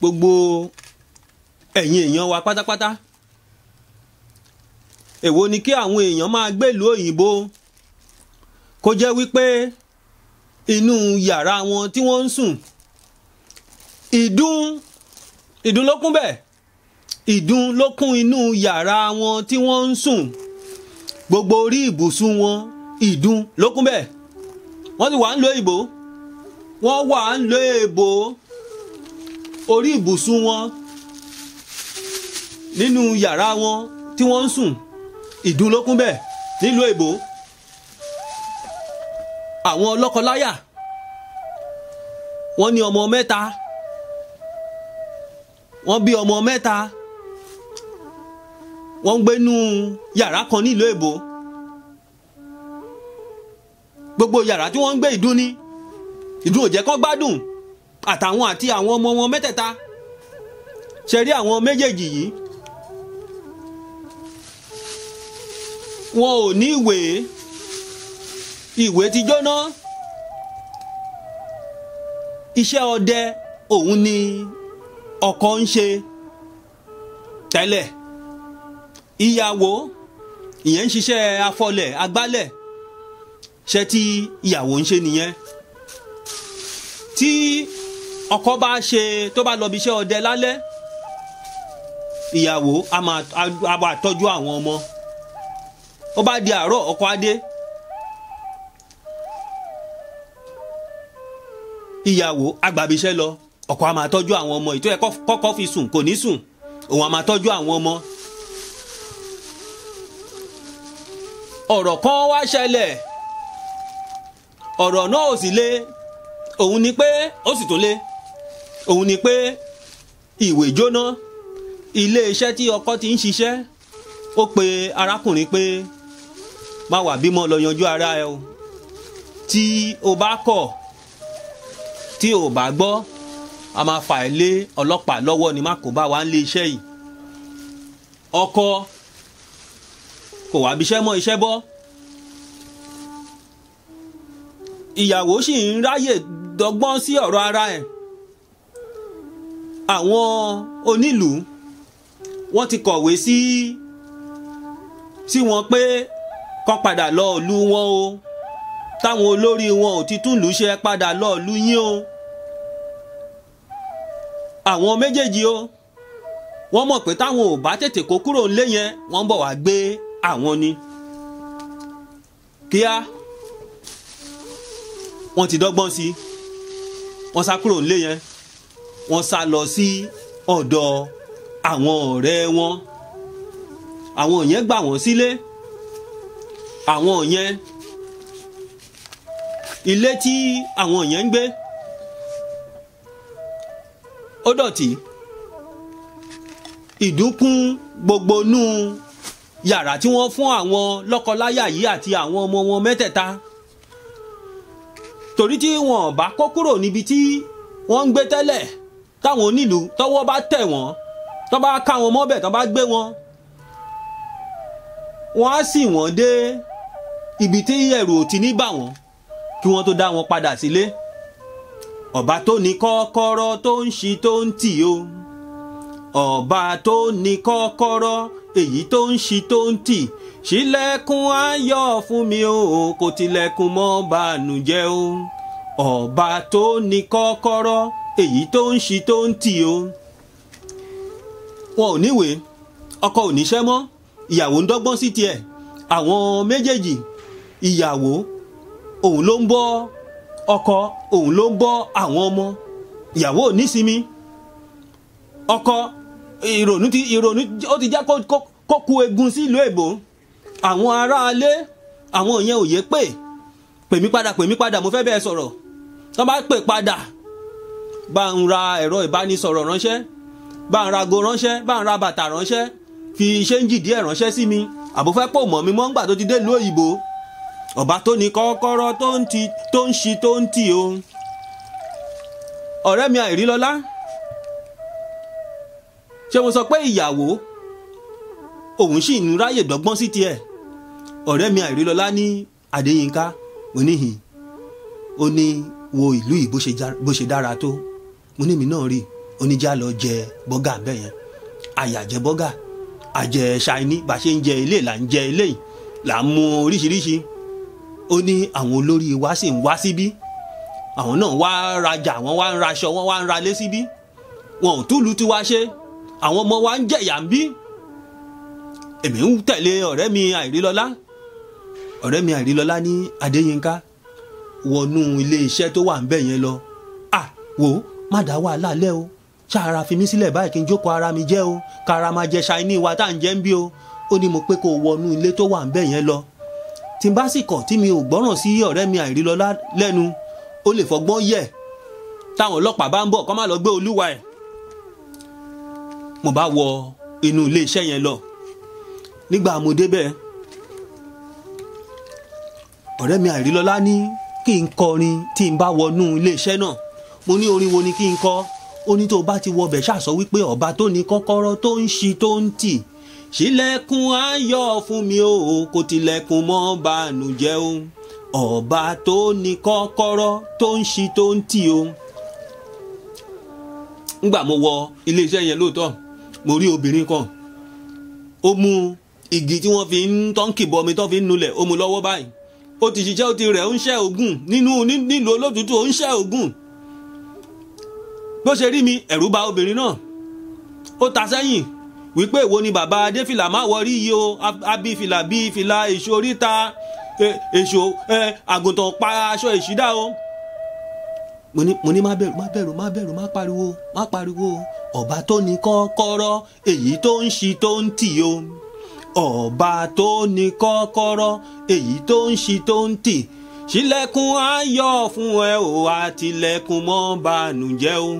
gbogbo ẹ̀yin èèyàn wa pátápátá èwo ni kí àwọn èèyàn máa gbèlú òyìnbó kó jẹ́ wípé inú yàrá wọn tí wọ́n ń sùn ìdún ìdún ló kún bẹ́ẹ̀ ìdún ló kún inú yàrá wọn tí wọ́n ń sùn gbogbo orí ìbùsùn wọn ìdún ló kún bẹ́ẹ̀ wọ́n sì wà ń lo ìbò wọ́n wà ń lo èèbò orí ibùsùn wọn nínú yàrá wọn tí wọ́n ń sùn ìdun ló kún bẹ́ẹ̀ nílùú èbó àwọn lọ́kọláya wọ́n ní ọmọ mẹ́ta wọ́n bí ọmọ mẹ́ta wọ́n ń gbénú yàrá kan nílùú èbó gbogbo yàrá tí wọ́n ń gbé ìdun ni ìdun ò jẹ́ kán gbádùn àtàwọn àti àwọn ọmọ wọn mẹ́tẹ̀ẹ̀ta ṣe rí àwọn méjèèjì yìí wọn ò ní ìwé ìwé ti jóná iṣẹ́ ọdẹ òun ni ọkọ ń ṣe tẹ́lẹ̀ ìyàwó ìyẹn ń ṣiṣẹ́ afọlẹ̀ agbálẹ̀ ṣe tí ìyàwó ń ṣe nìyẹn tí ọkọ bá ṣe tó bá lọ bí iṣẹ́ ọdẹ lálẹ́ ìyàwó a máa tọ́jú àwọn ọmọ ó bá di àárọ̀ ọkọ adé ìyàwó agbàbíṣẹ́ lọ ọkọ a máa tọ́jú àwọn ọmọ ìtọ́ ẹ kọ́kọ́ fi sùn kò ní sùn òun a máa tọ́jú àwọn ọmọ. ọ̀rọ̀ kan wá ṣẹlẹ̀ ọ̀rọ̀ náà ò sì le òun ni pé ó sì tún le òun ni pé ìwé jóná iléeṣẹ́ tí ọkọ ti ń ṣiṣẹ́ ó pe arákùnrin pé má wà bímọ lọ yanjú ara ẹ o tí o bá kọ̀ tí o bá gbọ́ a máa fà lé ọlọ́pàá lọ́wọ́ ni má kó bá wa ń lé iṣẹ́ yìí ọkọ kò wá bíṣẹ́ mọ́ iṣẹ́ bọ́ ìyàwó sì ń ráyè dọ́gbọ́n sí ọ̀rọ̀ ara ẹ̀. E àwọn onílùú wọ́n ti kọ̀wé sí sí wọn pé kó padà lọ ìlú wọn o táwọn olórí wọn ò ti túlù ṣe padà lọ ìlú yín o àwọn méjèèjì o wọ́n mọ̀ pé táwọn ò bá tètè kó kúrò ńlé yẹn wọ́n bọ̀ wá gbé àwọn ni kíá wọ́n ti dọ́gbọ́n sí wọ́n sá kúrò ńlé yẹn wọ́n sá lọ sí ọ̀dọ̀ àwọn ọ̀rẹ́ wọn àwọn yẹn gbà wọ́n sílé àwọn yẹn ilé tí àwọn yẹn ń gbé ó dọ̀tí ìdúnkún gbogbo nú yàrá tí wọ́n fún àwọn lọ́kọláyà yìí àti àwọn ọmọ wọn mẹ́tẹ̀ẹ̀ta torí tí wọn ò bá kó kúrò níbi tí wọ́n ń gbé tẹ́lẹ̀ táwọn onílùú tọ́wọ́ bá tẹ̀ wọ́n tó bá ká wọn mọ́bẹ̀ tó bá gbé wọn wọ́n á sì wọ́n dé ibi tí ẹ̀rù ò ti ní bà wọ́n kí wọ́n tó dá wọn padà sílé ọba tó ní kọ́kọ́rọ́ tó ń ṣí tó ń tì o ọba tó ní kọ́kọ́rọ́ èyí tó ń ṣí tó ń tì ṣílẹ̀kùn ayọ̀ fún mi o kò tilẹ̀kùn mọ́ bànújẹ́ o ọba tó ní kọ́kọ́rọ́ èyí tó ń ṣi tó ń tì o wọn ò níwèé ọkọ ò níṣẹ́ mọ́ ìyàwó ń dọ́gbọ́n sí tiẹ̀ àwọn méjèèjì ìyàwó òun ló ń bọ́ ọkọ òun ló ń bọ́ àwọn ọmọ ìyàwó ò nísinmi ọkọ ìrònú ti ìrònú ó ti já kó ku egun sí ìlú èbó àwọn aráalé àwọn yẹn ò yé pè pèmí padà pèmí padà mo fẹ́ bẹ́ẹ̀ sọ̀rọ̀ tó bá pè padà bá ń ra ẹ̀rọ ìbánisọ̀rọ̀ ránṣẹ́ bá ń ra ago ránṣẹ́ bá ń ra bàtà ránṣẹ́ fi ṣéǹjì díẹ̀ ránṣẹ́ sí mi àbò fẹ́ pò mọ́ mi mọ́ ńgbà tó ti dé ìlú òyìnbó ọba tó ní kọ́kọ́rọ́ tó ń ti tó ń ṣi tó ń tì o ọ̀rẹ́ mi àìrílọ́lá ṣé mo sọ pé ìyàwó òun sì ń ráyè dọ́gbọ́n sí tiẹ̀ ọ̀rẹ́ mi àìrílọ́lá ní Adéyínká oníhìn ó ní wo ìlú yìí ṣe dára tó mo ní èmi náà rí oníjà lọ jẹ bọ́gà bẹ́ẹ̀ yẹn àyà jẹ bọ́gà àjẹ ṣáínì bá ṣe ń jẹ ilé là ń jẹ ilé là ń mu oríṣiríṣi ó ní àwọn olórí wa sì ń wá síbí àwọn náà wá rajà wọ́n wá ń raṣọ wọ́n wá ń ralé síbí wọn ò túlù tiwa ṣe àwọn ọmọ wa ń jẹ̀yà ń bí èmi ń tẹ̀lé ọ̀rẹ́ mi àìrílọ́lá ọ̀rẹ́ mi àìrílọ́lá ní adéyínká wọnú iléeṣẹ́ tó wà ń bẹ̀ yẹn lọ à wò má dá wàhálà lẹ́ o ṣáàrà fi mí sílẹ̀ báyìí kí n jókòó ara mi jẹ́ o kára máa jẹ ṣáínì wa tá à ń jẹ́ ń bí o ó ní mo pé kó wọnú ilé tó wà ń bẹ̀ yẹn lọ tí n bá sì kọ̀ tí mi ò gbọ́ràn sí ọ̀rẹ́ mi àìrílọ́lá lẹ́nu ó lè fọgbọ́n yẹ̀ táwọn ọlọ́pàá bá ń bọ̀ kó má lọ gbé olúwa ẹ̀ mo bá wọ inú ilé yẹn lọ nígbà mo débẹ̀ ọ̀rẹ́ mi àìrílọ́lá ní kí n kọrin tí n bá wọnú ilé náà mo ní orin wo ni kí n kọ ó ní tó o bá ti wọ ọbẹ̀ ṣàṣọ wípé ọba tó ní kọ́kọ́rọ́ tó ń ṣi tó ń tì ṣílẹ̀kùn ayọ̀ fún mi o kò tilẹ̀kùn mọ́ bànújẹ́ o ọba tó ní kọ́kọ́rọ́ tó ń ṣi tó ń tì o. ngbà mo wọ iléeṣẹ́ yẹn lóòótọ́ mo rí obìnrin kan ó mú igi tí wọ́n fi ń tọ́ǹkì bọmi tó fi ń nulẹ̀ ó mú lọ́wọ́ báyìí ó ti ṣiṣẹ́ ó ti rẹ̀ ó ń ṣẹ́ ògùn nínú nílùú olótùtù ó ń ṣẹ́ ògùn bó ṣe rí mi ẹ̀rù bà obìnrin náà ó ta sẹ́yìn wípé èwo ni bàbá adéfìlà má wọrí yìí o abífìlà bífìlà èso oríta e, èso e, àgùntàn pa aṣọ ìṣídà o mo ní mo ní má bẹ̀rù má bẹ̀rù má bẹ̀rù má pariwo má pariwo ọba tó ní kọ́kọ́rọ́ èyí tó ń ṣi tó ń tì o ọba tó ní kọ́kọ́rọ́ èyí tó ń ṣi tó ń tì o ṣílẹ̀kùn ayọ̀ fún ẹ o àtìlẹ̀kùn mọ́ bànújẹ́ o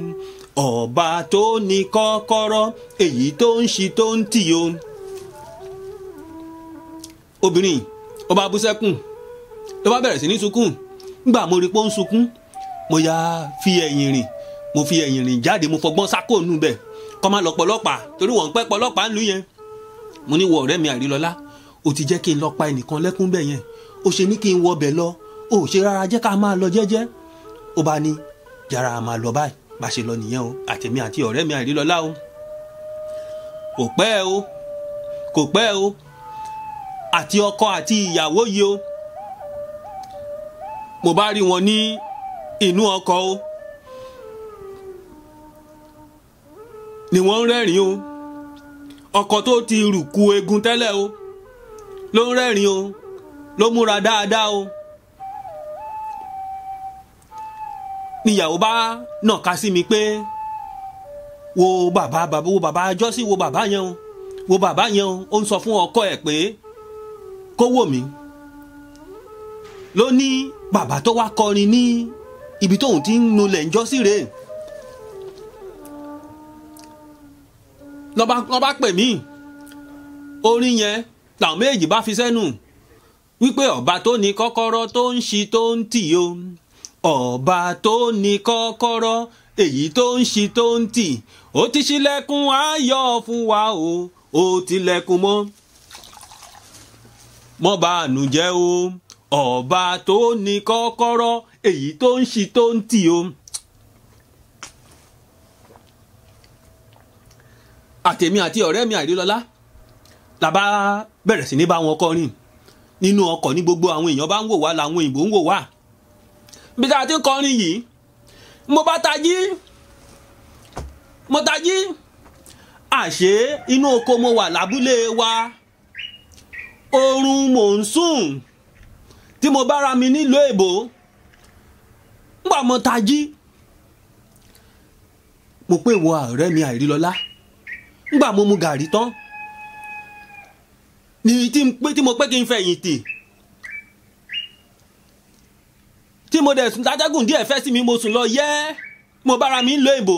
ọba tó ní kọ́kọ́rọ́ èyí tó ń ṣí tó ń tì o. obìnrin ó bá bú sẹ́kùn ló bá bẹ̀rẹ̀ sí ní sunkún nígbà mo rí pé ó ń sunkún mo ya fi ẹ̀yìn rìn mo fi ẹ̀yìn rìn jáde mo fọgbọ́n sákòónú bẹ̀ kọ́ máa lọ pọ̀lọ́pàá torí wọ́n ń pẹ́ pọ̀lọ́pàá ń lù yẹn mo ní wọ ọ̀rẹ́ mi àrílọ́lá o ti jẹ́ kí n lọ pa ẹnìkan lẹ́kún bẹ̀ yẹn o ṣe ní kí n wọ bẹ̀ lọ ò ṣe rárá jẹ́ ká máa lọ jẹ́jẹ́ ó bá ní yàrá máa lọ báyìí bá ṣe lọ nìyẹn o àtẹ̀mí àti ọ̀rẹ́ mi àìrílọ́lá o kò pẹ́ o kò pẹ́ o àti ọkọ àti ìyàwó yìí o mo bá rí wọn ní inú ọkọ o ni wọ́n ń rẹ́rìn o ọkọ tó ti rùkú egun tẹ́lẹ̀ o ló ń rẹ́rìn o ló múra dáadáa o. níyàwó bá nàka sí mi pé wo bàbá bàbá wo bàbá jọ́sí wo bàbá yẹn o wo bàbá yẹn o ó ń sọ fún ọkọ ẹ̀ pé kó wò mí ló ní bàbá tó wá kọrin ní ibi tóun ti ń nulẹ̀ ń jọ́sí rèé. lọ́ba bá pè mí orin yẹn làwọn méjì bá fi sẹ́nu wípé ọba tó ní kọ́kọ́rọ́ tó ń ṣí tó ń tì o ọba tó ní kọ́kọ́rọ́ èyí tó ń ṣí tó ń tì ó ti ṣílẹ̀kùn ayọ̀ fún wa o ó tilẹ̀kùn mọ́ mọ́bàánú jẹ́ o ọba tó ní kọ́kọ́rọ́ èyí tó ń ṣí tó ń tì o. àtèmi àti ọ̀rẹ́ mi àìrílọ́lá la bá bẹ̀rẹ̀ sí ní bá wọn kọrin nínú ọkọ̀ ní gbogbo àwọn èèyàn bá ń wò wá làwọn òyìnbó ń wò wá bí tá a ti ń kọrin yìí mo bá tají mo tají àṣé inú oko mo wà lábúlé wa oorun mò ń sùn tí mo bára mi nílùú èbó ngbà mo tají mo pé ìwọ ọ̀rẹ́ mi àìrílọ́lá ngbà mo mu gàrí tán ní tí mo pé kí n fẹ̀yìntì tí mo dẹ̀ sùn tájágùn díẹ̀ fẹ́ sí mi mo sùn lọ yẹ́ mo bára mi ń lo ìbò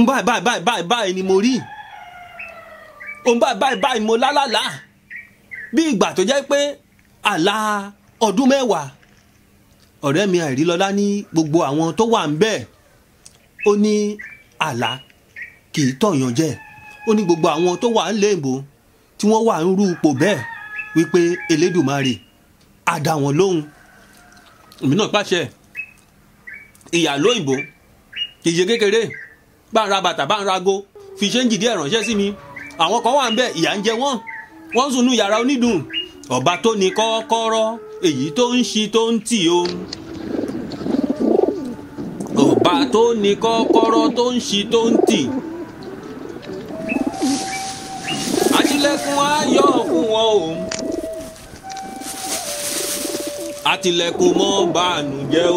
ń báyìí báyìí báyìí báyìí báyìí ni mo rí ń báyìí báyìí báyìí mo lálàlá bí ìgbà tó jẹ́ pé àlá ọdún mẹ́wàá ọ̀rẹ́ mi àìrílọ́lá ní gbogbo àwọn tó wà ń bẹ̀ ó ní àlá kì í tọ̀yàn jẹ ó ní gbogbo àwọn tó wà ń lé ìbò tí wọ́n wà ń rú ipò bẹ́ẹ̀ wípé Elédùmarè á dá èmi náà pàṣẹ ìyàló òyìnbó kìí ṣe kékeré bá ń ra bàtà bá ń ra ago fi ṣe ń jìdí ẹ̀ ránṣẹ́ sí mi àwọn kan wà ń bẹ̀ ìyà ń jẹ wọ́n wọ́n sùn nú yàrá onídùn ọba tó ní kọ́kọ́rọ́ èyí tó ń ṣi tó ń tì o ọba tó ní kọ́kọ́rọ́ tó ń ṣi tó ń tì àtìlẹ́kùn ayọ̀ fún wọn o àtìlẹ́kùn mọ́ bànújẹ́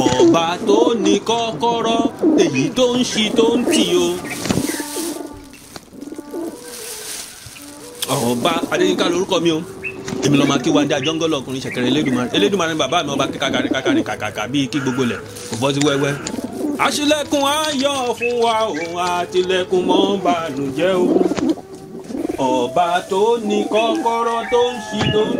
o ọba tó ní kọ́kọ́rọ́ èyí tó ń ṣí tó ń tì o. ọba adéyínká lórúkọ mi o èmi lọ́ọ́ máa kí wájú ajọ́ngọ́lọ̀ ọkùnrin ṣẹ̀kẹ̀rẹ̀ elédùnmarè elédùnmarè bàbá mi ọba kíkàkàrí kàkàrí kàkàkà bíi kí gbogbo lẹ̀ kò bọ́ sí wẹ́wẹ́. àṣìlẹ̀kùn ayọ̀ fún wa òun àtìlẹ̀kùn mọ́ bànújẹ́ o ọba tó ní kọ́kọ́rọ́ tó ń ṣí tó ń